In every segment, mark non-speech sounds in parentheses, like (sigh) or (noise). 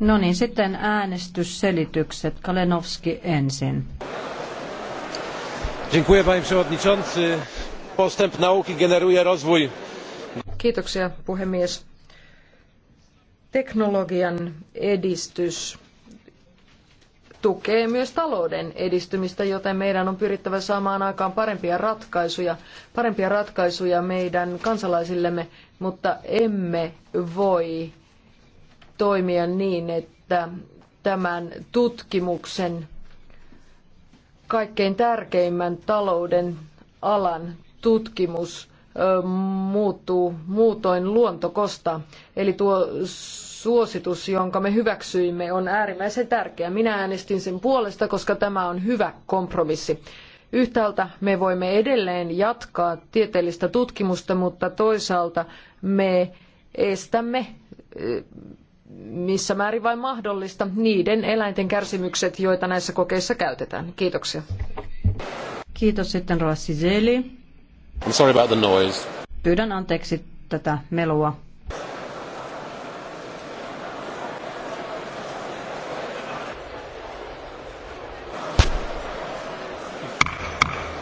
No niin, sitten äänestysselitykset. Kalenowski ensin. Dziękuję panie przewodniczący. Postęp nauki generuje rozwój. Kiitoksia puhemies. Teknologian edistys tukee myös talouden edistymistä, joten meidän on pyrittävä saamaan aikaan parempia ratkaisuja, parempia ratkaisuja meidän kansalaisillemme, mutta emme voi toimia niin, että tämän tutkimuksen kaikkein tärkeimmän talouden alan tutkimus muuttuu muutoin luontokosta, eli tuo suositus, jonka me hyväksyimme, on äärimmäisen tärkeä. Minä äänestin sen puolesta, koska tämä on hyvä kompromissi. Yhtäältä me voimme edelleen jatkaa tieteellistä tutkimusta, mutta toisaalta me estämme eh, missä määrin vain mahdollista niiden eläinten kärsimykset, joita näissä kokeissa käytetään. Kiitoksia. Kiitos sitten Roa Pyydän anteeksi tätä melua.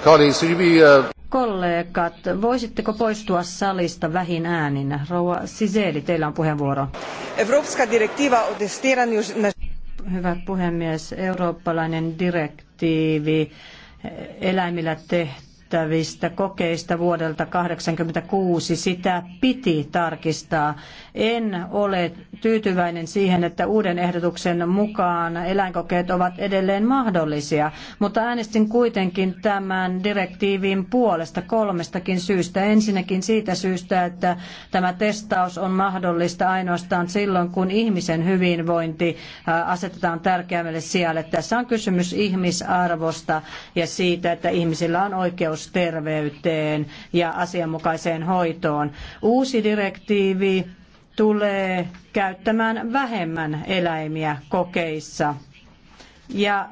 Uh, Kollegat, voisitteko poistua salista vähin äänin? Rouva Siseli, teillä on puheenvuoro. Hyvä puhemies, eurooppalainen direktiivi eläimillä tehty käytettävistä kokeista vuodelta 1986. Sitä piti tarkistaa. En ole tyytyväinen siihen, että uuden ehdotuksen mukaan eläinkokeet ovat edelleen mahdollisia, mutta äänestin kuitenkin tämän direktiivin puolesta kolmestakin syystä. Ensinnäkin siitä syystä, että tämä testaus on mahdollista ainoastaan silloin, kun ihmisen hyvinvointi asetetaan tärkeämmälle sijalle. Tässä on kysymys ihmisarvosta ja siitä, että ihmisillä on oikeus perusterveyteen ja asianmukaiseen hoitoon. Uusi direktiivi tulee käyttämään vähemmän eläimiä kokeissa. Ja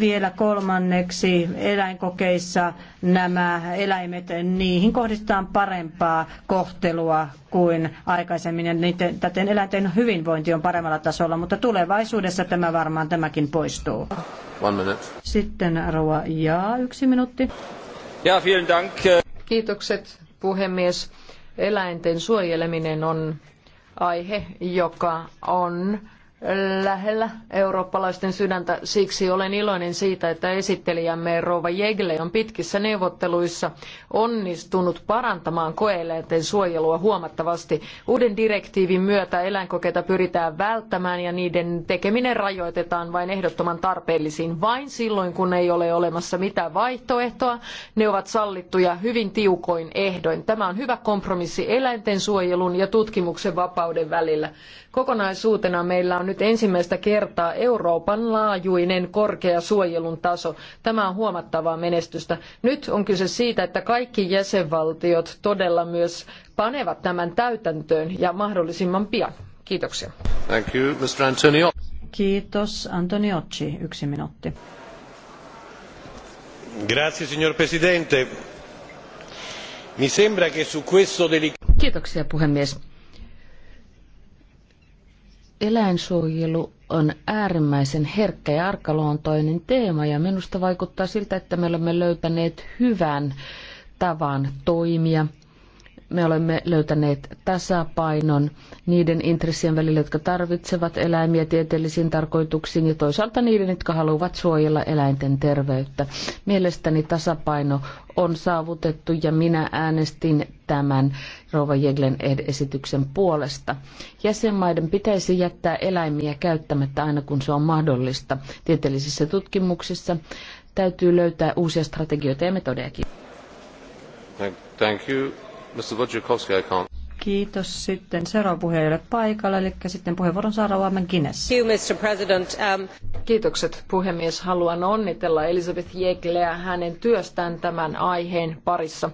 vielä kolmanneksi eläinkokeissa nämä eläimet, niihin kohdistetaan parempaa kohtelua kuin aikaisemmin. Ja niiden, täten eläinten hyvinvointi on paremmalla tasolla, mutta tulevaisuudessa tämä varmaan tämäkin poistuu. Sitten Rauha Jaa, yksi minuutti. Ja, vielen dank. Äh, Kiitokset puhemies. Eläinten suojeleminen on aihe, joka on lähellä eurooppalaisten sydäntä. Siksi olen iloinen siitä, että esittelijämme Rova Jegle on pitkissä neuvotteluissa onnistunut parantamaan koeeläinten suojelua huomattavasti. Uuden direktiivin myötä eläinkokeita pyritään välttämään ja niiden tekeminen rajoitetaan vain ehdottoman tarpeellisiin. Vain silloin, kun ei ole olemassa mitään vaihtoehtoa, ne ovat sallittuja hyvin tiukoin ehdoin. Tämä on hyvä kompromissi eläinten suojelun ja tutkimuksen vapauden välillä. Kokonaisuutena meillä on nyt ensimmäistä kertaa Euroopan laajuinen korkea suojelun taso. Tämä on huomattavaa menestystä. Nyt on kyse siitä, että kaikki jäsenvaltiot todella myös panevat tämän täytäntöön ja mahdollisimman pian. Kiitoksia. Thank you, Mr. Antonio. Kiitos. Antoniocci, yksi minuutti. Grazie, signor Presidente. Mi sembra che su questo delicato... Kiitoksia, puhemies Eläinsuojelu on äärimmäisen herkkä ja arkaluontoinen teema ja minusta vaikuttaa siltä, että me olemme löytäneet hyvän tavan toimia me olemme löytäneet tasapainon niiden intressien välillä, jotka tarvitsevat eläimiä tieteellisiin tarkoituksiin ja toisaalta niiden, jotka haluavat suojella eläinten terveyttä. Mielestäni tasapaino on saavutettu ja minä äänestin tämän Rova Jeglen esityksen puolesta. Jäsenmaiden pitäisi jättää eläimiä käyttämättä aina kun se on mahdollista. Tieteellisissä tutkimuksissa täytyy löytää uusia strategioita ja metodejakin. Thank you. Mr. Wojciechowski, I can't. Kiitos. Sitten seuraava puhe ei eli sitten puheenvuoron saa Rauha McGuinness. Um, Kiitokset puhemies. Haluan onnitella Elisabeth Jegleä hänen työstään tämän aiheen parissa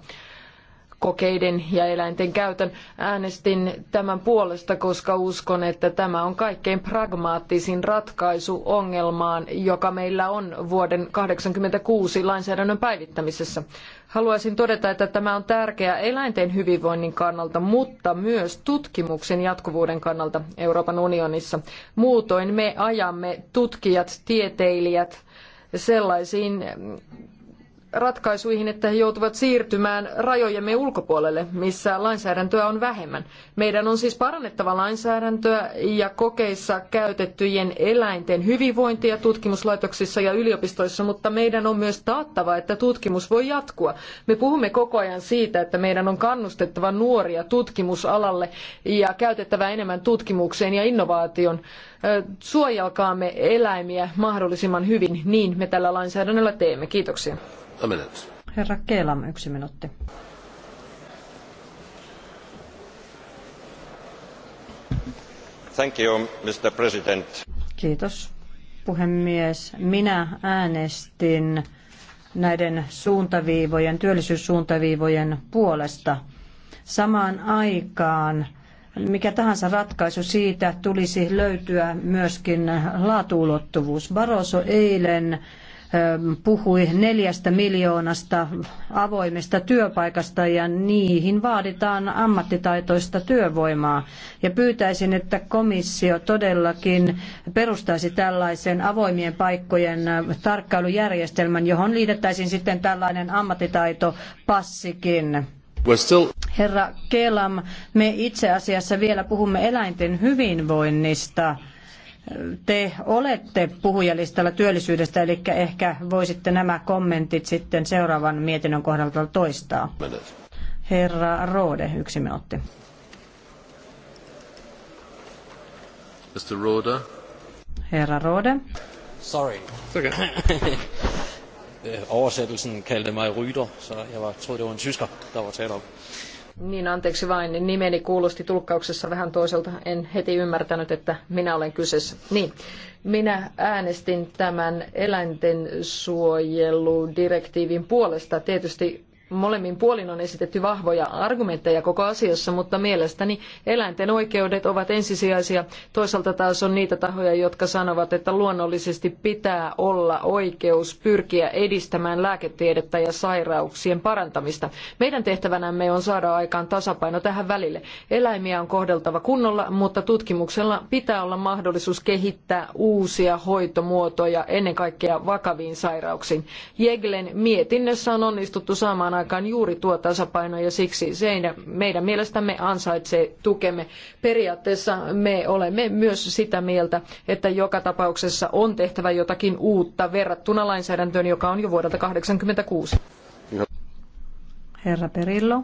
kokeiden ja eläinten käytön. Äänestin tämän puolesta, koska uskon, että tämä on kaikkein pragmaattisin ratkaisu ongelmaan, joka meillä on vuoden 1986 lainsäädännön päivittämisessä. Haluaisin todeta, että tämä on tärkeää eläinten hyvinvoinnin kannalta, mutta myös tutkimuksen jatkuvuuden kannalta Euroopan unionissa. Muutoin me ajamme tutkijat, tieteilijät sellaisiin ratkaisuihin, että he joutuvat siirtymään rajojemme ulkopuolelle, missä lainsäädäntöä on vähemmän. Meidän on siis parannettava lainsäädäntöä ja kokeissa käytettyjen eläinten hyvinvointia tutkimuslaitoksissa ja yliopistoissa, mutta meidän on myös taattava, että tutkimus voi jatkua. Me puhumme koko ajan siitä, että meidän on kannustettava nuoria tutkimusalalle ja käytettävä enemmän tutkimukseen ja innovaation. Suojelkaamme eläimiä mahdollisimman hyvin, niin me tällä lainsäädännöllä teemme. Kiitoksia a minute. Herra Keelam, yksi minuutti. Thank you, Mr. President. Kiitos, puhemies. Minä äänestin näiden suuntaviivojen, työllisyyssuuntaviivojen puolesta. Samaan aikaan mikä tahansa ratkaisu siitä tulisi löytyä myöskin laatuulottuvuus. Barroso eilen Ähm, puhui neljästä miljoonasta avoimesta työpaikasta ja niihin vaaditaan ammattitaitoista työvoimaa. Ja pyytäisin, että komissio todellakin perustaisi tällaisen avoimien paikkojen äh, tarkkailujärjestelmän, johon liitettäisiin sitten tällainen ammattitaitopassikin. Herra Kelam, me itse asiassa vielä puhumme eläinten hyvinvoinnista. Te olette puhujalistalla työllisyydestä, eli ehkä voisitte nämä kommentit sitten seuraavan mietinnön kohdalta toistaa. Herra Rode, yksi minuutti. Mr. Rode. Herra Rode. Sorry. Okay. (laughs) Oversættelsen kaldte mig Ryder, så jeg var, troede, det var en tysker, der var tale om. Niin anteeksi vain, niin nimeni kuulosti tulkkauksessa vähän toiselta. En heti ymmärtänyt, että minä olen kyseessä. Niin, minä äänestin tämän eläinten puolesta. Tietysti molemmin puolin on esitetty vahvoja argumentteja koko asiassa, mutta mielestäni eläinten oikeudet ovat ensisijaisia. Toisaalta taas on niitä tahoja, jotka sanovat, että luonnollisesti pitää olla oikeus pyrkiä edistämään lääketiedettä ja sairauksien parantamista. Meidän tehtävänämme on saada aikaan tasapaino tähän välille. Eläimiä on kohdeltava kunnolla, mutta tutkimuksella pitää olla mahdollisuus kehittää uusia hoitomuotoja ennen kaikkea vakaviin sairauksiin. Jeglen mietinnössä on onnistuttu saamaan aikaan juuri tuo tasapaino ja siksi se meidän mielestämme ansaitsee tukemme. Periaatteessa me olemme myös sitä mieltä, että joka tapauksessa on tehtävä jotakin uutta verrattuna lainsäädäntöön, joka on jo vuodelta 1986. Herra Perillo.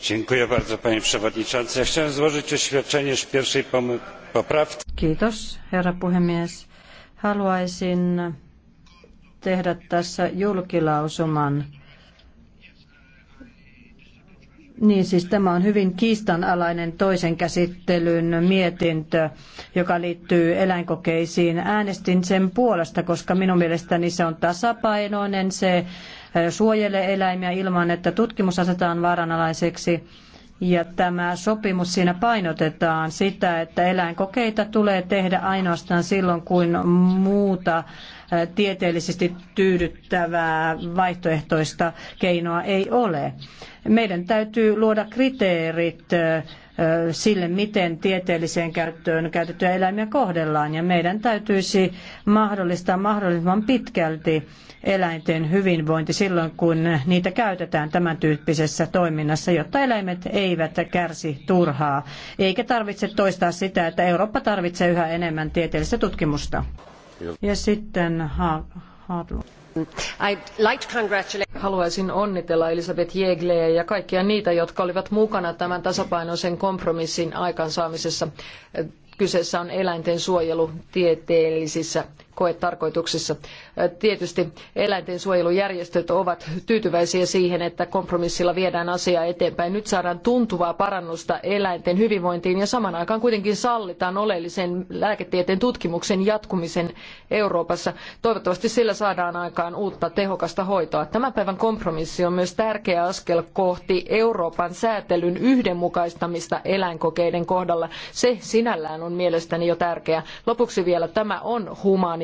Dziękuję bardzo panie przewodniczący. Ja chciałem złożyć oświadczenie z pierwszej poprawki. Kiitos herra puhemies. Haluaisin tehdä tässä julkilausuman. Niin siis tämä on hyvin kiistanalainen toisen käsittelyn mietintö, joka liittyy eläinkokeisiin. Äänestin sen puolesta, koska minun mielestäni se on tasapainoinen, se suojelee eläimiä ilman, että tutkimus asetaan vaaranalaiseksi. Ja tämä sopimus siinä painotetaan sitä, että eläinkokeita tulee tehdä ainoastaan silloin, kun muuta tieteellisesti tyydyttävää vaihtoehtoista keinoa ei ole. Meidän täytyy luoda kriteerit sille, miten tieteelliseen käyttöön käytettyjä eläimiä kohdellaan. Ja meidän täytyisi mahdollistaa mahdollisimman pitkälti eläinten hyvinvointi silloin, kun niitä käytetään tämän tyyppisessä toiminnassa, jotta eläimet eivät kärsi turhaa. Eikä tarvitse toistaa sitä, että Eurooppa tarvitsee yhä enemmän tieteellistä tutkimusta. Ja sitten Haluaisin onnitella Elisabeth Jegleä ja kaikkia niitä, jotka olivat mukana tämän tasapainoisen kompromissin aikansaamisessa. Kyseessä on eläinten suojelu tieteellisissä koetarkoituksissa. Tietysti eläinten suojelujärjestöt ovat tyytyväisiä siihen, että kompromissilla viedään asiaa eteenpäin. Nyt saadaan tuntuvaa parannusta eläinten hyvinvointiin ja saman aikaan kuitenkin sallitaan oleellisen lääketieteen tutkimuksen jatkumisen Euroopassa. Toivottavasti sillä saadaan aikaan uutta tehokasta hoitoa. Tämän päivän kompromissi on myös tärkeä askel kohti Euroopan säätelyn yhdenmukaistamista eläinkokeiden kohdalla. Se sinällään on mielestäni jo tärkeää. Lopuksi vielä tämä on humaani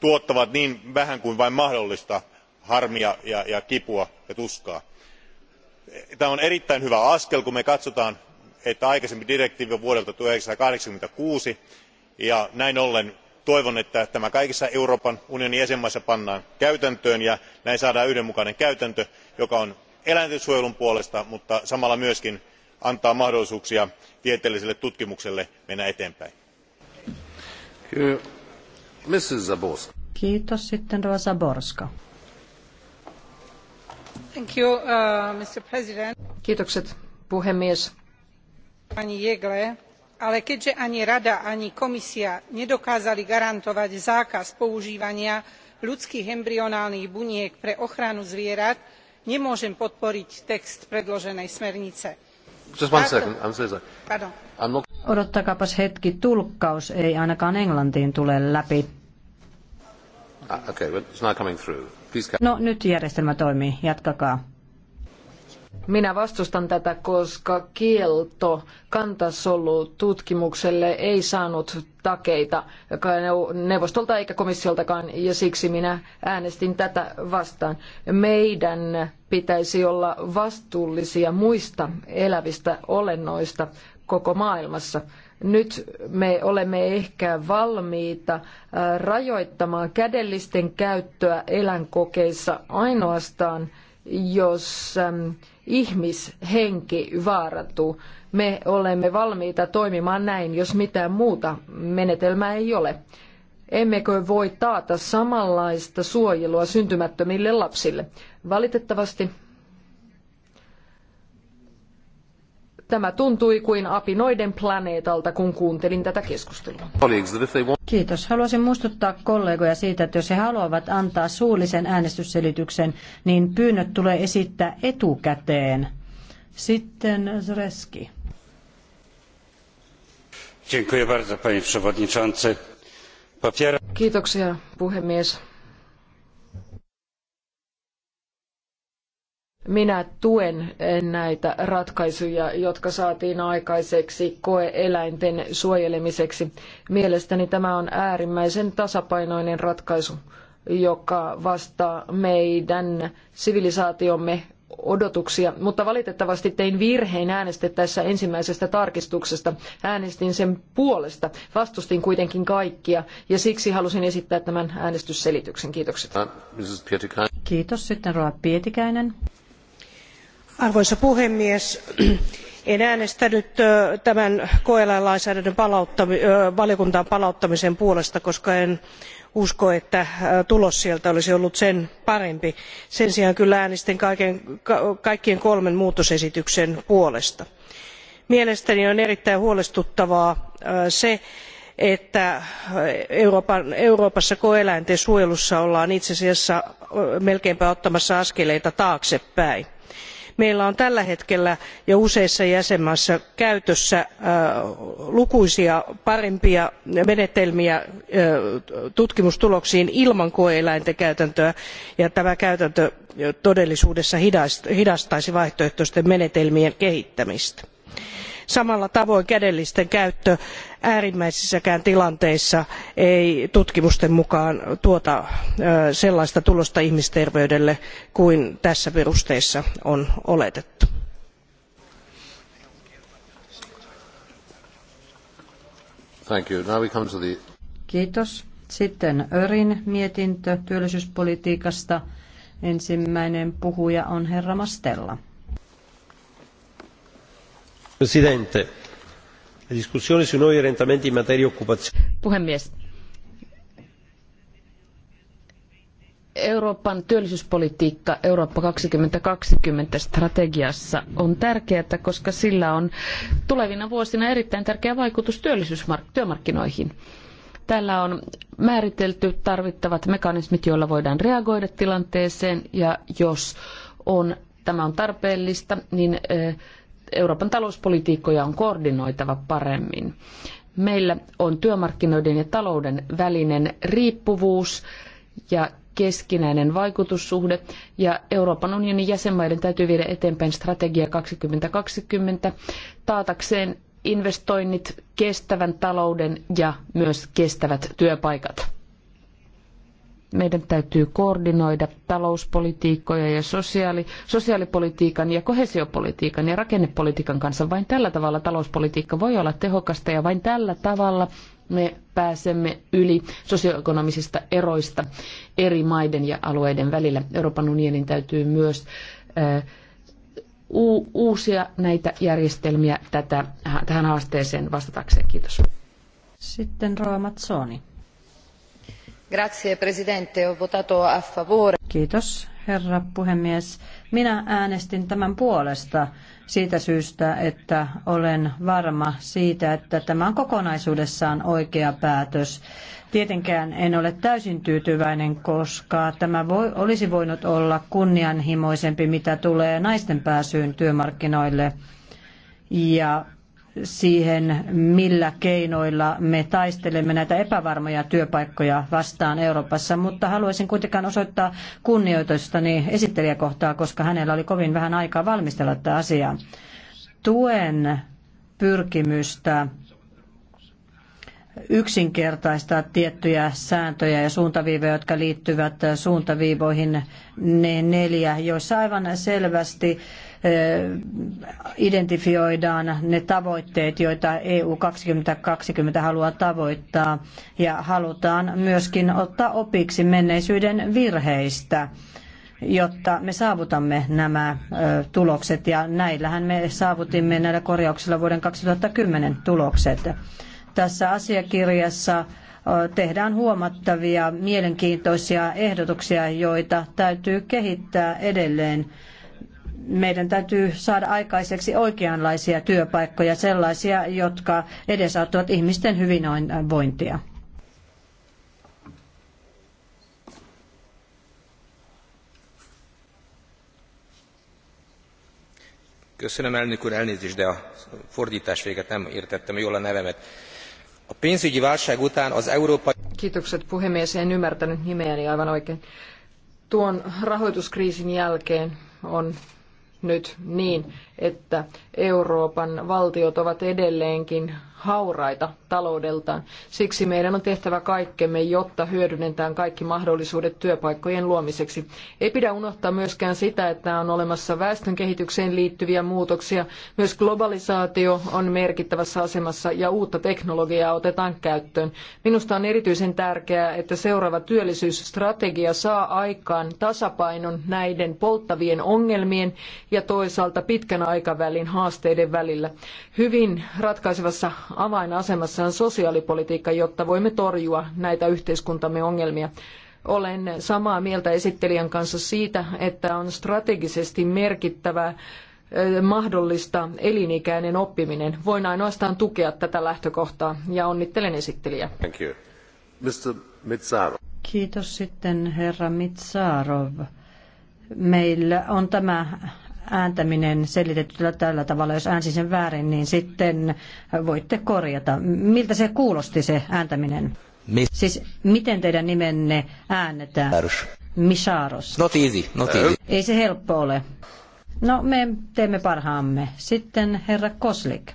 tuottavat niin vähän kuin vain mahdollista harmia ja kipua ja tuskaa. tämä on erittäin hyvä askel kun katsotaan että aikaisempi direktiivi on vuodelta tuhat yhdeksänsataakahdeksankymmentäkuusi ja näin ollen toivon että tämä kaikissa euroopan unionin jäsenvaltioissa pannaan täytäntöön ja näin saadaan yhdenmukainen käytäntö joka on eläintensuojelun puolesta mutta samalla myös antaa mahdollisuuksia tieteelliselle tutkimukselle mennä eteenpäin. Mrs. Zaborska. Kiitos. Sitten Rosa Zaborska. Thank you, uh, Mr. President. Kiitokset, puhemies. Pani Jegle, ale keďže ani Rada, ani komisia nedokázali garantovať zákaz používania ľudských embryonálnych buniek pre ochranu zvierat, nemôžem podporiť text predloženej smernice. Just one second. I'm so sorry. Pardon. I'm not... Odottakaapas hetki, tulkkaus ei ainakaan englantiin tule läpi. Ah, okay, it's not coming through. Please... No nyt järjestelmä toimii, jatkakaa. Minä vastustan tätä, koska kielto kantasolututkimukselle ei saanut takeita neuvostolta eikä komissioltakaan, ja siksi minä äänestin tätä vastaan. Meidän pitäisi olla vastuullisia muista elävistä olennoista koko maailmassa. Nyt me olemme ehkä valmiita äh, rajoittamaan kädellisten käyttöä eläinkokeissa ainoastaan, jos ähm, ihmishenki vaarantuu. Me olemme valmiita toimimaan näin, jos mitään muuta menetelmää ei ole. Emmekö voi taata samanlaista suojelua syntymättömille lapsille? Valitettavasti Tämä tuntui kuin apinoiden planeetalta, kun kuuntelin tätä keskustelua. Kiitos. Haluaisin muistuttaa kollegoja siitä, että jos he haluavat antaa suullisen äänestysselityksen, niin pyynnöt tulee esittää etukäteen. Sitten Zreski. Kiitoksia, puhemies Minä tuen näitä ratkaisuja, jotka saatiin aikaiseksi koeeläinten suojelemiseksi. Mielestäni tämä on äärimmäisen tasapainoinen ratkaisu, joka vastaa meidän sivilisaatiomme odotuksia, mutta valitettavasti tein virheen äänestettäessä ensimmäisestä tarkistuksesta. Äänestin sen puolesta, vastustin kuitenkin kaikkia ja siksi halusin esittää tämän äänestysselityksen. Kiitokset. Uh, Kiitos. Sitten Roa Pietikäinen arvoisa puhemies en äänestänyt tämän koeeläinlainsäädännön valiokuntaan palauttamisen puolesta koska en usko että tulos sieltä olisi ollut sen parempi. sen sijaan kyllä äänestin kaikkien kolmen muutosesityksen puolesta. mielestäni on erittäin huolestuttavaa se että euroopassa koeeläinten suojelussa ollaan itse asiassa melkeinpä ottamassa askeleita taaksepäin meillä on tällä hetkellä jo useissa jäsenvaltioissa käytössä äh, lukuisia parempia menetelmiä äh, tutkimustuloksiin ilman koe eläinten käytäntöä ja tämä käytäntö äh, todellisuudessa hidastaisi vaihtoehtoisten menetelmien kehittämistä. samalla tavoin kädellisten käyttö äärimmäisissäkään tilanteissa ei tutkimusten mukaan tuota sellaista tulosta ihmisterveydelle kuin tässä perusteessa on oletettu. Kiitos. Sitten Örin mietintö työllisyyspolitiikasta. Ensimmäinen puhuja on herra Mastella. Presidente, Puhemies. Euroopan työllisyyspolitiikka Eurooppa 2020 strategiassa on tärkeää, koska sillä on tulevina vuosina erittäin tärkeä vaikutus työmarkkinoihin. Täällä on määritelty tarvittavat mekanismit, joilla voidaan reagoida tilanteeseen ja jos on, tämä on tarpeellista, niin Euroopan talouspolitiikkoja on koordinoitava paremmin. Meillä on työmarkkinoiden ja talouden välinen riippuvuus ja keskinäinen vaikutussuhde ja Euroopan unionin jäsenmaiden täytyy viedä eteenpäin strategia 2020 taatakseen investoinnit, kestävän talouden ja myös kestävät työpaikat meidän täytyy koordinoida talouspolitiikkoja ja sosiaali, sosiaalipolitiikan ja koheesiopolitiikan ja rakennepolitiikan kanssa. Vain tällä tavalla talouspolitiikka voi olla tehokasta ja vain tällä tavalla me pääsemme yli sosioekonomisista eroista eri maiden ja alueiden välillä. Euroopan unionin täytyy myös uusia näitä järjestelmiä tätä, tähän haasteeseen vastatakseen. Kiitos. Sitten Rova Mazzoni. Kiitos, herra puhemies. Minä äänestin tämän puolesta siitä syystä, että olen varma siitä, että tämä on kokonaisuudessaan oikea päätös. Tietenkään en ole täysin tyytyväinen, koska tämä voi, olisi voinut olla kunnianhimoisempi, mitä tulee naisten pääsyyn työmarkkinoille. Ja siihen, millä keinoilla me taistelemme näitä epävarmoja työpaikkoja vastaan Euroopassa, mutta haluaisin kuitenkin osoittaa kunnioitustani esittelijäkohtaa, koska hänellä oli kovin vähän aikaa valmistella tätä asiaa. Tuen pyrkimystä yksinkertaistaa tiettyjä sääntöjä ja suuntaviivoja, jotka liittyvät suuntaviivoihin ne neljä, joissa aivan selvästi identifioidaan ne tavoitteet, joita EU 2020 haluaa tavoittaa ja halutaan myöskin ottaa opiksi menneisyyden virheistä jotta me saavutamme nämä tulokset ja näillähän me saavutimme näillä korjauksilla vuoden 2010 tulokset. Tässä asiakirjassa tehdään huomattavia mielenkiintoisia ehdotuksia, joita täytyy kehittää edelleen meidän täytyy saada aikaiseksi oikeanlaisia työpaikkoja, sellaisia, jotka edesauttavat ihmisten hyvinvointia. Köszönöm elnök úr, elnézést, de a fordítás véget nem értettem jól a nevemet. A pénzügyi válság után az Európai... Kiitokset puhemies, en ymmärtänyt nimeäni aivan oikein. Tuon rahoituskriisin jälkeen on nyt niin, että Euroopan valtiot ovat edelleenkin hauraita taloudeltaan. Siksi meidän on tehtävä kaikkemme, jotta hyödynnetään kaikki mahdollisuudet työpaikkojen luomiseksi. Ei pidä unohtaa myöskään sitä, että on olemassa väestön kehitykseen liittyviä muutoksia. Myös globalisaatio on merkittävässä asemassa ja uutta teknologiaa otetaan käyttöön. Minusta on erityisen tärkeää, että seuraava työllisyysstrategia saa aikaan tasapainon näiden polttavien ongelmien ja toisaalta pitkän aikavälin haasteiden välillä. Hyvin ratkaisevassa avainasemassa on sosiaalipolitiikka, jotta voimme torjua näitä yhteiskuntamme ongelmia. Olen samaa mieltä esittelijän kanssa siitä, että on strategisesti merkittävää mahdollista elinikäinen oppiminen. Voin ainoastaan tukea tätä lähtökohtaa ja onnittelen esittelijää. Kiitos sitten herra Mitsarov. Meillä on tämä ääntäminen selitetty tällä tavalla, jos äänsin sen väärin, niin sitten voitte korjata. Miltä se kuulosti se ääntäminen? Mis- siis miten teidän nimenne äännetään Pärys. Misaros. Not easy, not easy. Ei se helppo ole. No, me teemme parhaamme. Sitten herra Koslik.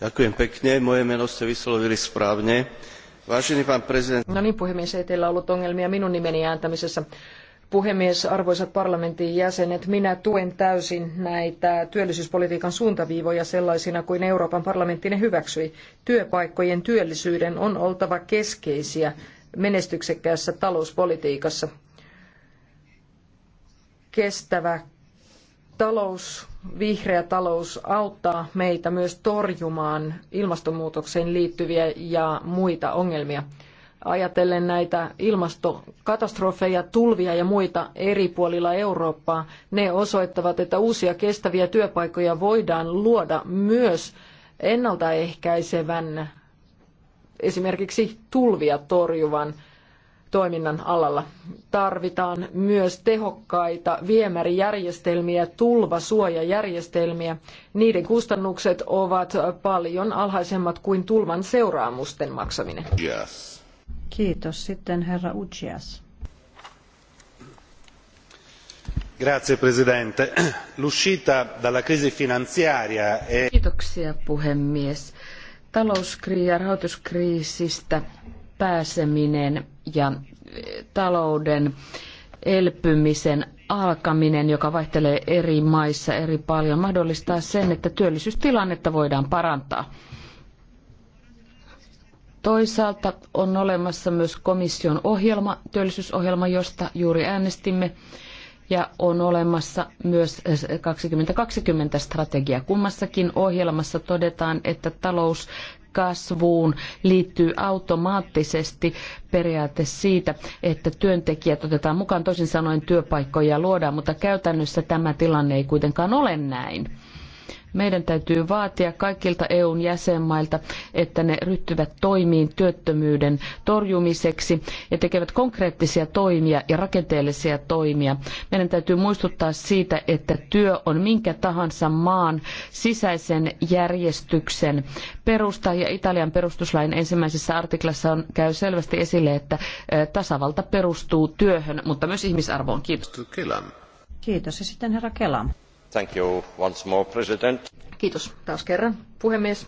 Ďakujem pekne, moje meno ste vyslovili správne No niin, puhemies, ei teillä ollut ongelmia minun nimeni ääntämisessä. Puhemies, arvoisat parlamentin jäsenet, minä tuen täysin näitä työllisyyspolitiikan suuntaviivoja sellaisina kuin Euroopan parlamentti ne hyväksyi. Työpaikkojen työllisyyden on oltava keskeisiä menestyksekkäässä talouspolitiikassa kestävä talous, vihreä talous auttaa meitä myös torjumaan ilmastonmuutokseen liittyviä ja muita ongelmia. Ajatellen näitä ilmastokatastrofeja, tulvia ja muita eri puolilla Eurooppaa, ne osoittavat, että uusia kestäviä työpaikkoja voidaan luoda myös ennaltaehkäisevän, esimerkiksi tulvia torjuvan toiminnan alalla. Tarvitaan myös tehokkaita viemärijärjestelmiä, tulvasuojajärjestelmiä. Niiden kustannukset ovat paljon alhaisemmat kuin tulvan seuraamusten maksaminen. Yes. Kiitos. Sitten herra Ujias. Grazie Presidente. L'uscita dalla crisi finanziaria è... Kiitoksia puhemies. Talouskriisi ja rahoituskriisistä pääseminen ja eh, talouden elpymisen alkaminen, joka vaihtelee eri maissa eri paljon, mahdollistaa sen, että työllisyystilannetta voidaan parantaa. Toisaalta on olemassa myös komission ohjelma, työllisyysohjelma, josta juuri äänestimme, ja on olemassa myös 2020 strategia. Kummassakin ohjelmassa todetaan, että talous kasvuun liittyy automaattisesti periaate siitä, että työntekijät otetaan mukaan, toisin sanoen työpaikkoja luodaan, mutta käytännössä tämä tilanne ei kuitenkaan ole näin. Meidän täytyy vaatia kaikilta EUn jäsenmailta, että ne ryhtyvät toimiin työttömyyden torjumiseksi ja tekevät konkreettisia toimia ja rakenteellisia toimia. Meidän täytyy muistuttaa siitä, että työ on minkä tahansa maan sisäisen järjestyksen perusta ja Italian perustuslain ensimmäisessä artiklassa on, käy selvästi esille, että eh, tasavalta perustuu työhön, mutta myös ihmisarvoon. Kiitos. Kiitos. Ja sitten herra Kelam arvoisa Kiitos taas kerran, puhemies.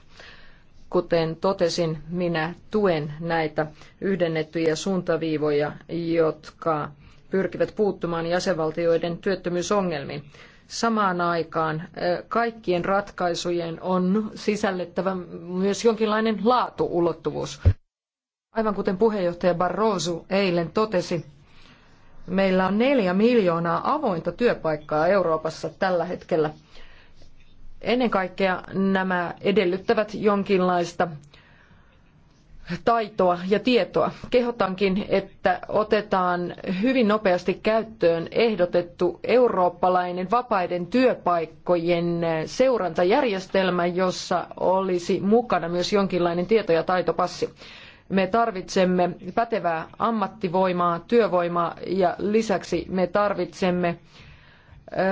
Kuten totesin, minä tuen näitä yhdennettyjä suuntaviivoja, jotka pyrkivät puuttumaan jäsenvaltioiden työttömyysongelmiin. Samaan aikaan eh, kaikkien ratkaisujen on sisällettävä myös jonkinlainen laatuulottuvuus. Aivan kuten puheenjohtaja Barroso eilen totesi, Meillä on neljä miljoonaa avointa työpaikkaa Euroopassa tällä hetkellä. Ennen kaikkea nämä edellyttävät jonkinlaista taitoa ja tietoa. Kehotankin, että otetaan hyvin nopeasti käyttöön ehdotettu eurooppalainen vapaiden työpaikkojen seurantajärjestelmä, jossa olisi mukana myös jonkinlainen tieto- ja taitopassi. Me tarvitsemme pätevää ammattivoimaa, työvoimaa ja lisäksi me tarvitsemme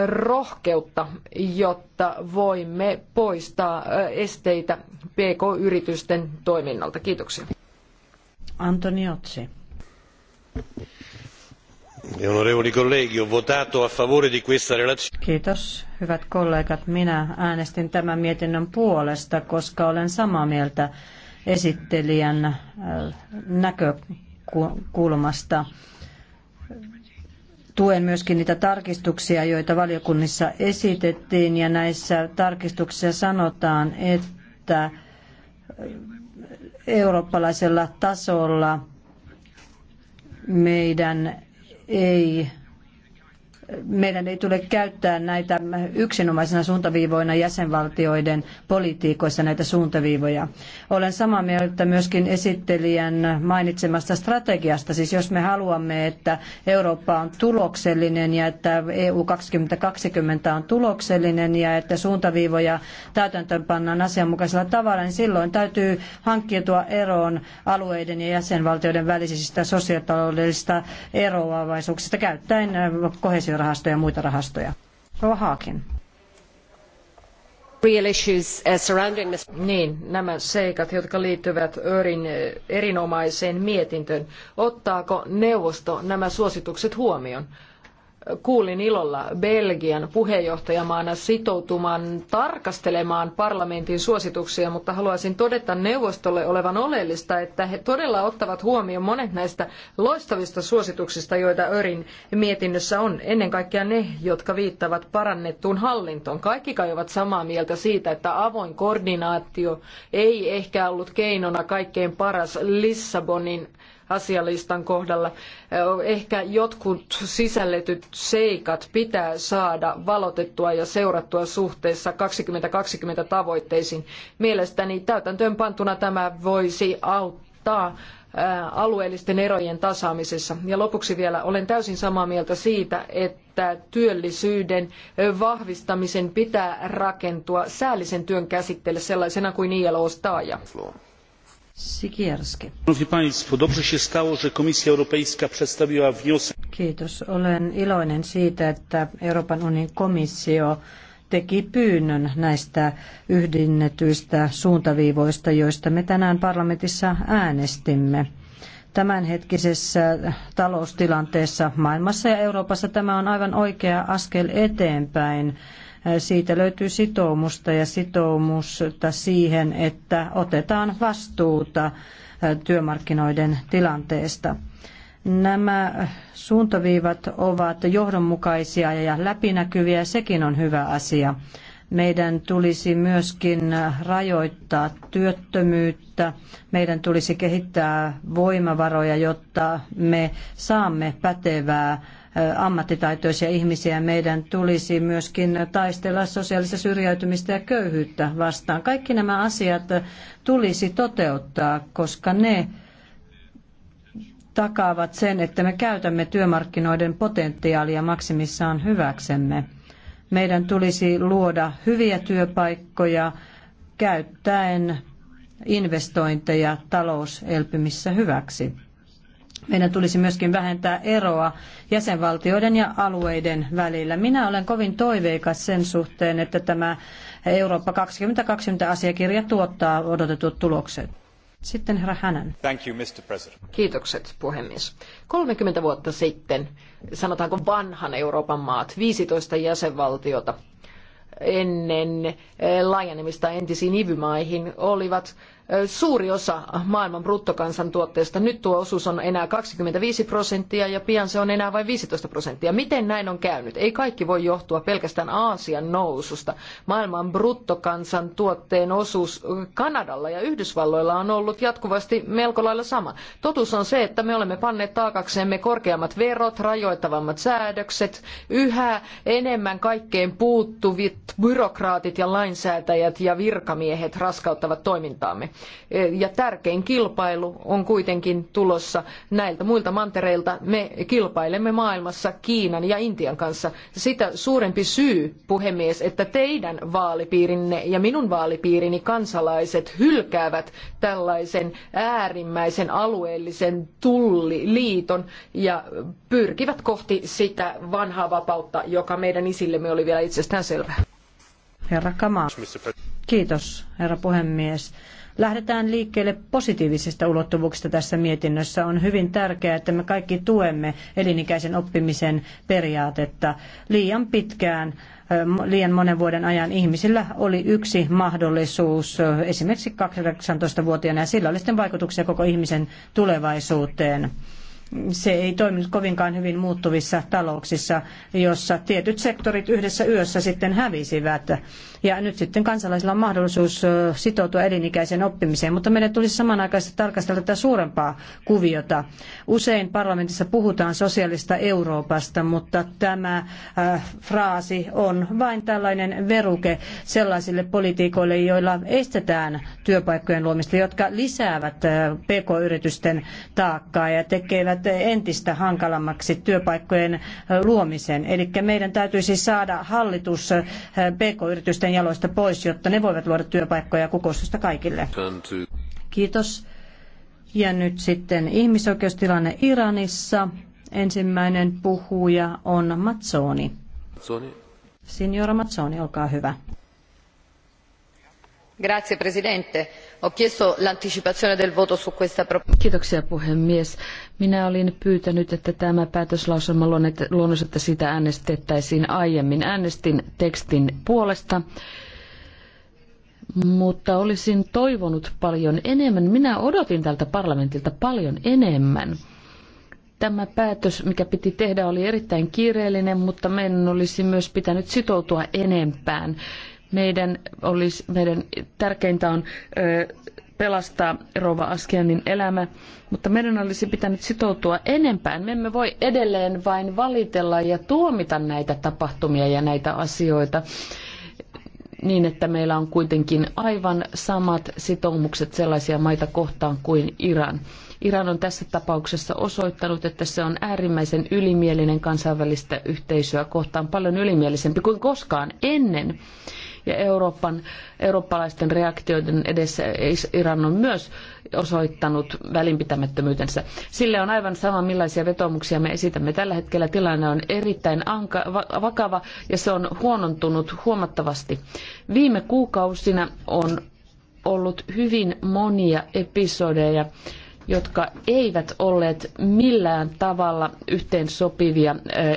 rohkeutta, jotta voimme poistaa esteitä PK-yritysten toiminnalta. Kiitoksia. Antoni Otsi. votato a favore di questa relazione. Kiitos, hyvät kollegat. Minä äänestin tämän mietinnön puolesta, koska olen samaa mieltä esittelijän äh, näkökulmasta. Tuen myöskin niitä tarkistuksia, joita valiokunnissa esitettiin, ja näissä tarkistuksissa sanotaan, että eurooppalaisella tasolla meidän ei meidän ei tule käyttää näitä yksinomaisena suuntaviivoina jäsenvaltioiden politiikoissa näitä suuntaviivoja. Olen samaa mieltä myöskin esittelijän mainitsemasta strategiasta. Siis jos me haluamme, että Eurooppa on tuloksellinen ja että EU 2020 on tuloksellinen ja että suuntaviivoja täytäntöönpannaan asianmukaisella tavalla, niin silloin täytyy hankkiutua eroon alueiden ja jäsenvaltioiden välisistä sosiaalitaloudellisista eroavaisuuksista käyttäen kohesio koheesiorahastoja ja muita rahastoja. Rova Haakin. Uh, niin, nämä seikat, jotka liittyvät Örin eh, erinomaiseen mietintöön. Ottaako neuvosto nämä suositukset huomioon? kuulin ilolla Belgian puheenjohtajamaana sitoutumaan tarkastelemaan parlamentin suosituksia, mutta haluaisin todeta neuvostolle olevan oleellista, että he todella ottavat huomioon monet näistä loistavista suosituksista, joita Örin mietinnössä on. Ennen kaikkea ne, jotka viittavat parannettuun hallintoon. Kaikki kai ovat samaa mieltä siitä, että avoin koordinaatio ei ehkä ollut keinona kaikkein paras Lissabonin asialistan kohdalla. Ehkä jotkut sisälletyt seikat pitää saada valotettua ja seurattua suhteessa 2020 tavoitteisiin. Mielestäni täytäntöönpantuna tämä voisi auttaa alueellisten erojen tasaamisessa. Ja lopuksi vielä olen täysin samaa mieltä siitä, että työllisyyden vahvistamisen pitää rakentua säällisen työn käsitteelle sellaisena kuin ILO taaja. Sikierski. Kiitos. Olen iloinen siitä, että Euroopan unionin komissio teki pyynnön näistä yhdennetyistä suuntaviivoista, joista me tänään parlamentissa äänestimme tämänhetkisessä taloustilanteessa maailmassa ja Euroopassa tämä on aivan oikea askel eteenpäin. Siitä löytyy sitoumusta ja sitoumusta siihen, että otetaan vastuuta työmarkkinoiden tilanteesta. Nämä suuntaviivat ovat johdonmukaisia ja läpinäkyviä, ja sekin on hyvä asia. Meidän tulisi myöskin rajoittaa työttömyyttä, meidän tulisi kehittää voimavaroja, jotta me saamme pätevää ammattitaitoisia ihmisiä. Meidän tulisi myöskin taistella sosiaalista syrjäytymistä ja köyhyyttä vastaan. Kaikki nämä asiat tulisi toteuttaa, koska ne takaavat sen, että me käytämme työmarkkinoiden potentiaalia maksimissaan hyväksemme. Meidän tulisi luoda hyviä työpaikkoja käyttäen investointeja talouselpymissä hyväksi. Meidän tulisi myöskin vähentää eroa jäsenvaltioiden ja alueiden välillä. Minä olen kovin toiveikas sen suhteen, että tämä Eurooppa 2020 asiakirja tuottaa odotetut tulokset. Sitten herra Hänän. Thank you, Mr. President. Kiitokset, puhemies. 30 vuotta sitten, sanotaanko vanhan Euroopan maat, 15 jäsenvaltiota ennen eh, laajenemista entisiin ivymaihin olivat suuri osa maailman bruttokansantuotteesta. Nyt tuo osuus on enää 25 prosenttia ja pian se on enää vain 15 prosenttia. Miten näin on käynyt? Ei kaikki voi johtua pelkästään Aasian noususta. Maailman bruttokansantuotteen osuus Kanadalla ja Yhdysvalloilla on ollut jatkuvasti melko lailla sama. Totuus on se, että me olemme panneet taakaksemme korkeammat verot, rajoittavammat säädökset, yhä enemmän kaikkeen puuttuvit byrokraatit ja lainsäätäjät ja virkamiehet raskauttavat toimintaamme ja tärkein kilpailu on kuitenkin tulossa näiltä muilta mantereilta. Me kilpailemme maailmassa Kiinan ja Intian kanssa. Sitä suurempi syy, puhemies, että teidän vaalipiirinne ja minun vaalipiirini kansalaiset hylkäävät tällaisen äärimmäisen alueellisen tulliliiton ja pyrkivät kohti sitä vanhaa vapautta, joka meidän isillemme oli vielä itsestään selvää. Herra Kama. Kiitos, herra puhemies. Lähdetään liikkeelle positiivisista ulottuvuuksista tässä mietinnössä. On hyvin tärkeää, että me kaikki tuemme elinikäisen oppimisen periaatetta. Liian pitkään, liian monen vuoden ajan ihmisillä oli yksi mahdollisuus, esimerkiksi 18-vuotiaana, ja sillä oli sitten vaikutuksia koko ihmisen tulevaisuuteen se ei toiminut kovinkaan hyvin muuttuvissa talouksissa, jossa tietyt sektorit yhdessä yössä sitten hävisivät. Ja nyt sitten kansalaisilla on mahdollisuus sitoutua elinikäiseen oppimiseen, mutta meidän tulisi samanaikaisesti tarkastella tätä suurempaa kuviota. Usein parlamentissa puhutaan sosiaalista Euroopasta, mutta tämä fraasi on vain tällainen veruke sellaisille politiikoille, joilla estetään työpaikkojen luomista, jotka lisäävät pk-yritysten taakkaa ja tekevät entistä hankalammaksi työpaikkojen luomisen. Eli meidän täytyisi siis saada hallitus eh, PK-yritysten jaloista pois, jotta ne voivat luoda työpaikkoja kukoistusta kaikille. Kiitos. Ja nyt sitten ihmisoikeustilanne Iranissa. Ensimmäinen puhuja on Mazzoni. Mazzoni. Signora Mazzoni, olkaa hyvä. Grazie, Presidente Kiitoksia puhemies. Minä olin pyytänyt, että tämä päätöslauselma luonnos, että sitä äänestettäisiin aiemmin. Äänestin tekstin puolesta mutta olisin toivonut paljon enemmän. Minä odotin tältä parlamentilta paljon enemmän. Tämä päätös, mikä piti tehdä, oli erittäin kiireellinen, mutta meidän olisi myös pitänyt sitoutua enempään. Meidän, olisi, meidän tärkeintä on pelastaa Rova Askianin elämä, mutta meidän olisi pitänyt sitoutua enempään. Me emme voi edelleen vain valitella ja tuomita näitä tapahtumia ja näitä asioita niin, että meillä on kuitenkin aivan samat sitoumukset sellaisia maita kohtaan kuin Iran. Iran on tässä tapauksessa osoittanut, että se on äärimmäisen ylimielinen kansainvälistä yhteisöä kohtaan, paljon ylimielisempi kuin koskaan ennen ja Euroopan, eurooppalaisten reaktioiden edessä Iran on myös osoittanut välinpitämättömyytensä. Sille on aivan sama, millaisia vetomuksia me esitämme. Tällä hetkellä tilanne on erittäin anka, vakava ja se on huonontunut huomattavasti. Viime kuukausina on ollut hyvin monia episodeja jotka eivät olleet millään tavalla yhteensopivia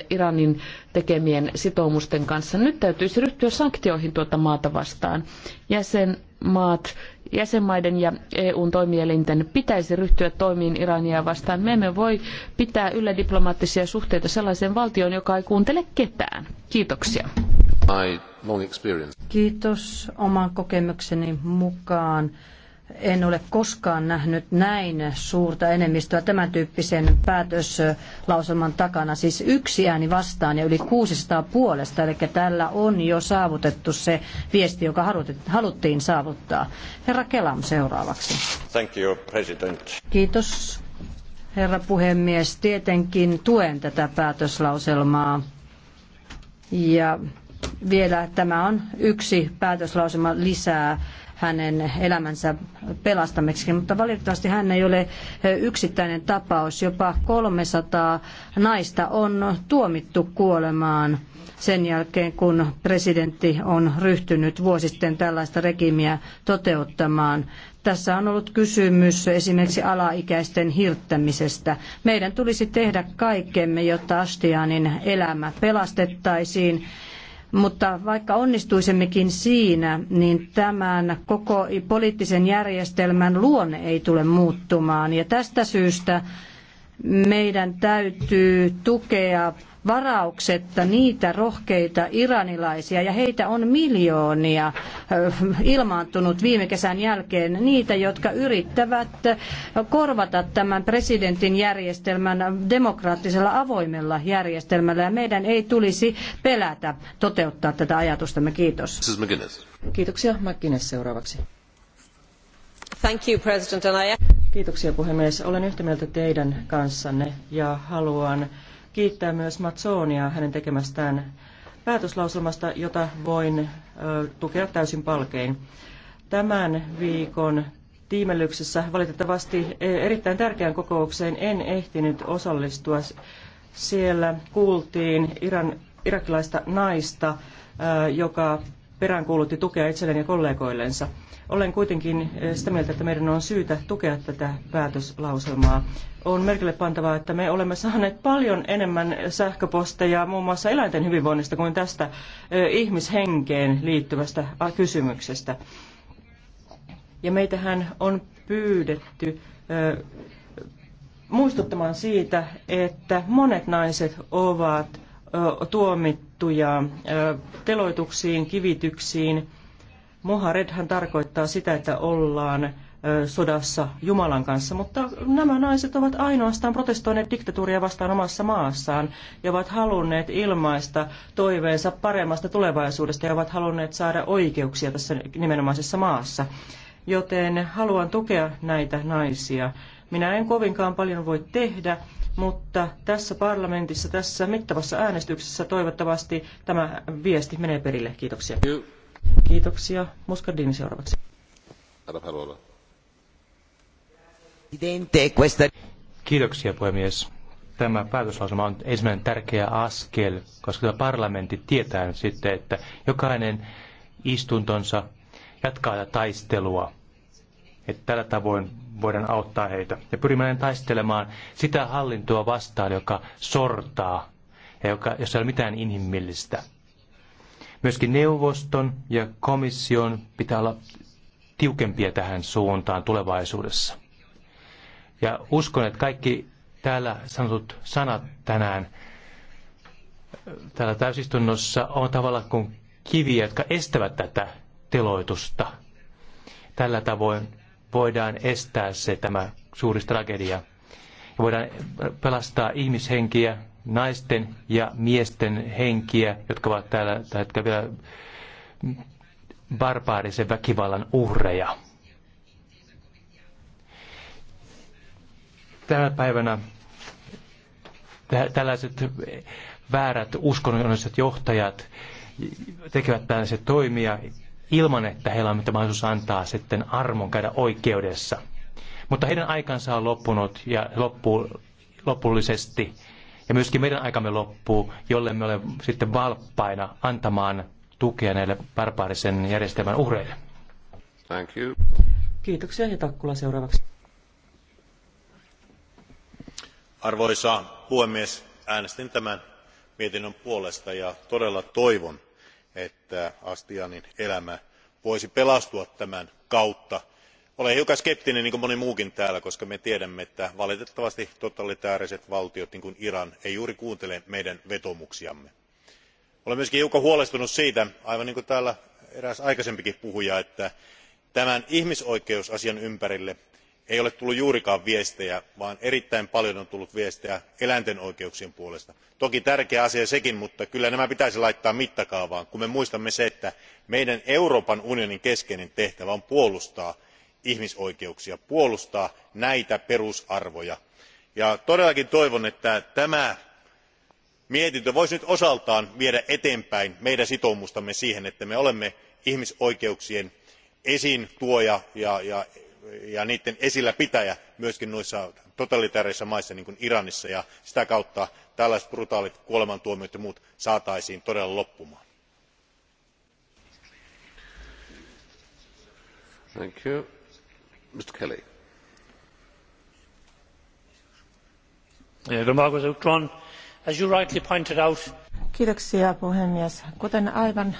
Iranin tekemien sitoumusten kanssa. Nyt täytyisi ryhtyä sanktioihin tuota maata vastaan. Jäsenmaat, jäsenmaiden ja EUn toimielinten pitäisi ryhtyä toimiin Irania vastaan. Me emme voi pitää yllä diplomaattisia suhteita sellaiseen valtioon, joka ei kuuntele ketään. Kiitoksia. Kiitos oman kokemukseni mukaan en ole koskaan nähnyt näin suurta enemmistöä tämän tyyppisen päätöslauselman takana. Siis yksi ääni vastaan ja yli 600 puolesta, eli tällä on jo saavutettu se viesti, joka haluttiin saavuttaa. Herra Kelam seuraavaksi. Thank you, President. Kiitos, herra puhemies. Tietenkin tuen tätä päätöslauselmaa. Ja vielä tämä on yksi päätöslausema lisää hänen elämänsä pelastamiseksi, mutta valitettavasti hän ei ole yksittäinen tapaus. Jopa 300 naista on tuomittu kuolemaan sen jälkeen, kun presidentti on ryhtynyt vuosi sitten tällaista regimiä toteuttamaan. Tässä on ollut kysymys esimerkiksi alaikäisten hirttämisestä. Meidän tulisi tehdä kaikkemme, jotta Ashtianin elämä pelastettaisiin mutta vaikka onnistuisemmekin siinä, niin tämän koko poliittisen järjestelmän luonne ei tule muuttumaan. Ja tästä syystä meidän täytyy tukea varauksetta niitä rohkeita iranilaisia, ja heitä on miljoonia ilmaantunut viime kesän jälkeen, niitä, jotka yrittävät korvata tämän presidentin järjestelmän demokraattisella avoimella järjestelmällä, ja meidän ei tulisi pelätä toteuttaa tätä ajatustamme. Kiitos. Kiitoksia. McGuinness seuraavaksi. Thank you, President. And I... Kiitoksia puhemies. Olen yhtä mieltä teidän kanssanne ja haluan kiittää myös Matsonia hänen tekemästään päätöslauselmasta, jota voin tukea täysin palkein. Tämän viikon tiimellyksessä valitettavasti erittäin tärkeään kokoukseen en ehtinyt osallistua. Siellä kuultiin Iran, irakilaista naista, joka peräänkuulutti tukea itselleen ja kollegoillensa. Olen kuitenkin eh, sitä mieltä, että meidän on syytä tukea tätä päätöslauselmaa. On merkille pantavaa, että me olemme saaneet paljon enemmän sähköposteja muun muassa eläinten hyvinvoinnista kuin tästä eh, ihmishenkeen liittyvästä ah, kysymyksestä. Ja meitähän on pyydetty eh, muistuttamaan siitä, että monet naiset ovat tuomittuja teloituksiin, kivityksiin Moharedhan tarkoittaa sitä, että ollaan sodassa Jumalan kanssa, mutta nämä naiset ovat ainoastaan protestoineet diktatuuria vastaan omassa maassaan ja ovat halunneet ilmaista toiveensa paremmasta tulevaisuudesta ja ovat halunneet saada oikeuksia tässä nimenomaisessa maassa. Joten haluan tukea näitä naisia. Minä en kovinkaan paljon voi tehdä, mutta tässä parlamentissa, tässä mittavassa äänestyksessä toivottavasti tämä viesti menee perille. Kiitoksia. Kiitoksia. Muscardini seuraavaksi. Kiitoksia puhemies. Tämä päätöslausuma on ensimmäinen tärkeä askel, koska tuota parlamentti tietää nyt sitten, että jokainen istuntonsa jatkaa tätä taistelua. Että tällä tavoin voidaan auttaa heitä. Ja pyrimme taistelemaan sitä hallintoa vastaan, joka sortaa ja joka, jossa ei ole mitään inhimillistä. Myöskin neuvoston ja komission pitää olla tiukempia tähän suuntaan tulevaisuudessa. Ja uskon, että kaikki täällä sanotut sanat tänään täällä täysistunnossa on tavallaan kuin kiviä, jotka estävät tätä teloitusta. Tällä tavoin voidaan estää se tämä suuri tragedia. Ja voidaan pelastaa ihmishenkiä naisten ja miesten henkiä, jotka ovat täällä tällä hetkellä vielä barbaarisen väkivallan uhreja. Tänä päivänä tällaiset väärät uskonnolliset johtajat tekevät tällaisia toimia ilman, että heillä on mahdollisuus antaa sitten armon käydä oikeudessa. Mutta heidän aikansa on loppunut ja loppu lopullisesti ja myöskin meidän aikamme loppuu, jolle me olemme sitten valppaina antamaan tukea näille barbaarisen järjestelmän uhreille. Thank you. Kiitoksia ja Takkula seuraavaksi. Arvoisa puhemies, äänestin tämän mietinnön puolesta ja todella toivon, että Astianin elämä voisi pelastua tämän kautta olen hiukan skeptinen niin kuin moni muukin täällä koska me tiedämme että valitettavasti totalitaariset valtiot niin kuin iran eivät juuri kuuntele meidän vetoomuksiamme. olen myös hiukan huolestunut siitä aivan niin kuin täällä eräs aikaisempikin puhuja että tämän ihmisoikeusasian ympärille ei ole tullut juurikaan viestejä vaan erittäin paljon on tullut viestejä eläinten oikeuksien puolesta. toki tärkeä asia sekin mutta kyllä nämä pitäisi laittaa mittakaavaan kun me muistamme sen että meidän euroopan unionin keskeinen tehtävä on puolustaa ihmisoikeuksia puolustaa näitä perusarvoja. todellakin toivon että tämä mietintö voisi nyt osaltaan viedä eteenpäin meidän sitoumustamme siihen että me olemme ihmisoikeuksien esiintuoja ja niiden esilläpitäjä myös noissa totalitaarisissa maissa niin kuin iranissa ja sitä kautta tällaiset brutaalit kuolemantuomiot ja muut saataisiin todella loppumaan. Mr. Kelly. As you rightly pointed out, Kiitoksia puhemies. Kuten aivan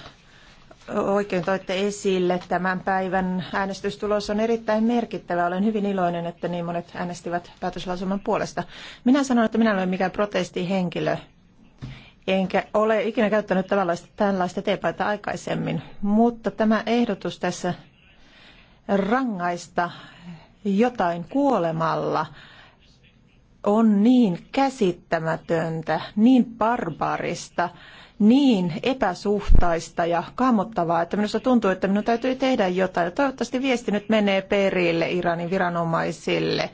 oikein toitte esille, tämän päivän äänestystulos on erittäin merkittävä. Olen hyvin iloinen, että niin monet äänestivät päätöslauselman puolesta. Minä sanon, että minä olen mikään protestihenkilö. Enkä ole ikinä käyttänyt tällaista, tällaista teepaita aikaisemmin, mutta tämä ehdotus tässä rangaista jotain kuolemalla on niin käsittämätöntä, niin barbarista, niin epäsuhtaista ja kammottavaa, että minusta tuntuu, että minun täytyy tehdä jotain. Ja toivottavasti viesti nyt menee perille Iranin viranomaisille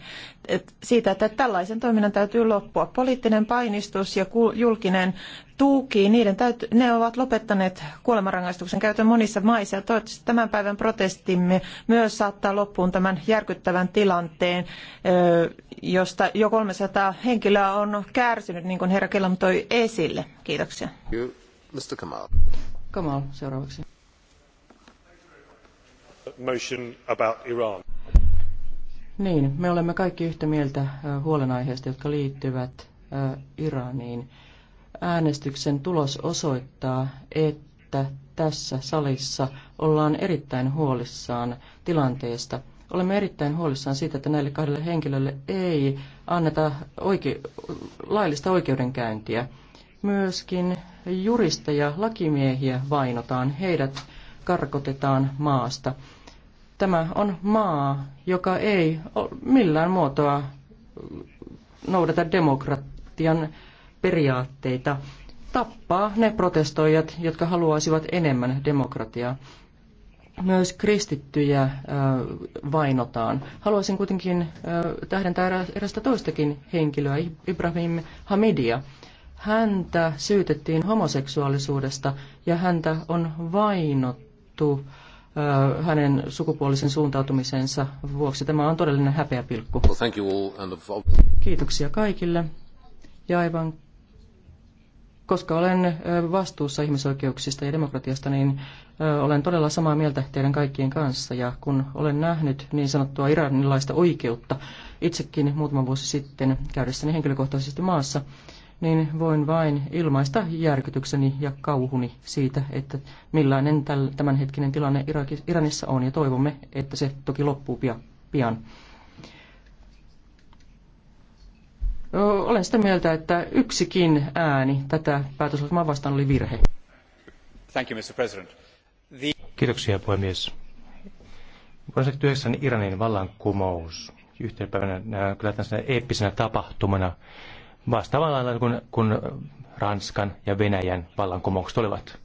siitä, että tällaisen toiminnan täytyy loppua. Poliittinen painistus ja julkinen tuki, niiden täytyy, ne ovat lopettaneet kuolemanrangaistuksen käytön monissa maissa. Ja toivottavasti tämän päivän protestimme myös saattaa loppuun tämän järkyttävän tilanteen, josta jo 300 henkilöä on kärsinyt, niin kuin herra Kelam toi esille. Kiitoksia. Mr. Kamal. Kamal, seuraavaksi. Motion about Iran niin, me olemme kaikki yhtä mieltä huolenaiheista, jotka liittyvät Iraniin. Äänestyksen tulos osoittaa, että tässä salissa ollaan erittäin huolissaan tilanteesta. Olemme erittäin huolissaan siitä, että näille kahdelle henkilölle ei anneta oike- laillista oikeudenkäyntiä. Myöskin juristeja, lakimiehiä vainotaan, heidät karkotetaan maasta. Tämä on maa, joka ei millään muotoa noudata demokratian periaatteita. Tappaa ne protestoijat, jotka haluaisivat enemmän demokratiaa. Myös kristittyjä vainotaan. Haluaisin kuitenkin tähdentää erästä toistakin henkilöä, Ibrahim Hamidia. Häntä syytettiin homoseksuaalisuudesta ja häntä on vainottu Äh, hänen sukupuolisen suuntautumisensa vuoksi. Tämä on todellinen häpeäpilkku. Kiitoksia kaikille. Ja aivan koska olen äh, vastuussa ihmisoikeuksista ja demokratiasta, niin äh, olen todella samaa mieltä teidän kaikkien kanssa. Ja kun olen nähnyt niin sanottua iranilaista oikeutta itsekin muutama vuosi sitten käydessäni henkilökohtaisesti maassa, niin voin vain ilmaista järkytykseni ja kauhuni siitä, että millainen tämänhetkinen tilanne Iranissa on, ja toivomme, että se toki loppuu pian. Olen sitä mieltä, että yksikin ääni tätä päätöslausumaa vastaan oli virhe. Thank you, Mr. President. The... Kiitoksia, puhemies. Vuonna 1999 Iranin vallankumous yhtenä päivänä kyllä tällaisena eeppisenä tapahtumana, vastaavalla lailla kuin kun Ranskan ja Venäjän vallankumoukset olivat.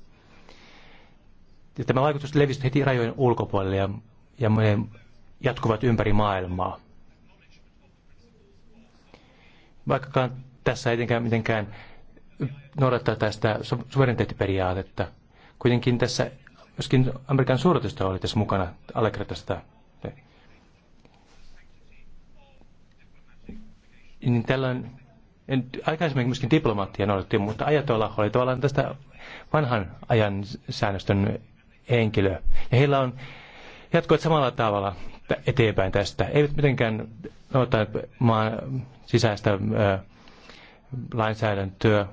Ja tämä vaikutus levisi heti rajojen ulkopuolelle ja, ja jatkuvat ympäri maailmaa. Vaikkakaan tässä ei tietenkään mitenkään noudattaa tästä suvereniteettiperiaatetta. Kuitenkin tässä myöskin Amerikan suoritusta oli tässä mukana allekirjoittaa Niin tällöin en, aikaisemmin myöskin diplomaattia noudattiin, mutta ajatolla oli tavallaan tästä vanhan ajan säännöstön henkilö. Ja heillä on jatkoit samalla tavalla eteenpäin tästä. Eivät mitenkään noudattaa maan sisäistä ö, lainsäädäntöä.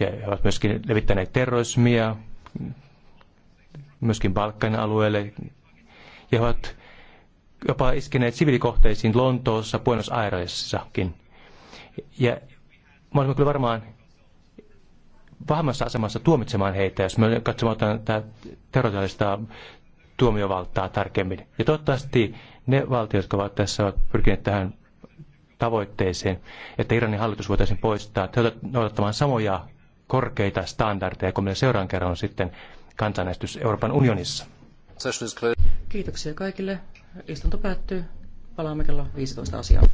Ja he ovat myöskin levittäneet terrorismia myöskin Balkan alueelle. Ja he ovat jopa iskeneet sivilikohteisiin Lontoossa, Buenos Airesissakin. Ja me olemme kyllä varmaan vahvemmassa asemassa tuomitsemaan heitä, jos me katsomme tätä terroristista tuomiovaltaa tarkemmin. Ja toivottavasti ne valtiot, jotka ovat tässä ovat pyrkineet tähän tavoitteeseen, että Iranin hallitus voitaisiin poistaa, että noudattamaan samoja korkeita standardeja, kun meidän seuraan kerran on sitten kansanäistys Euroopan unionissa. Kiitoksia kaikille. Istunto päättyy. Palaamme kello 15 asiaan.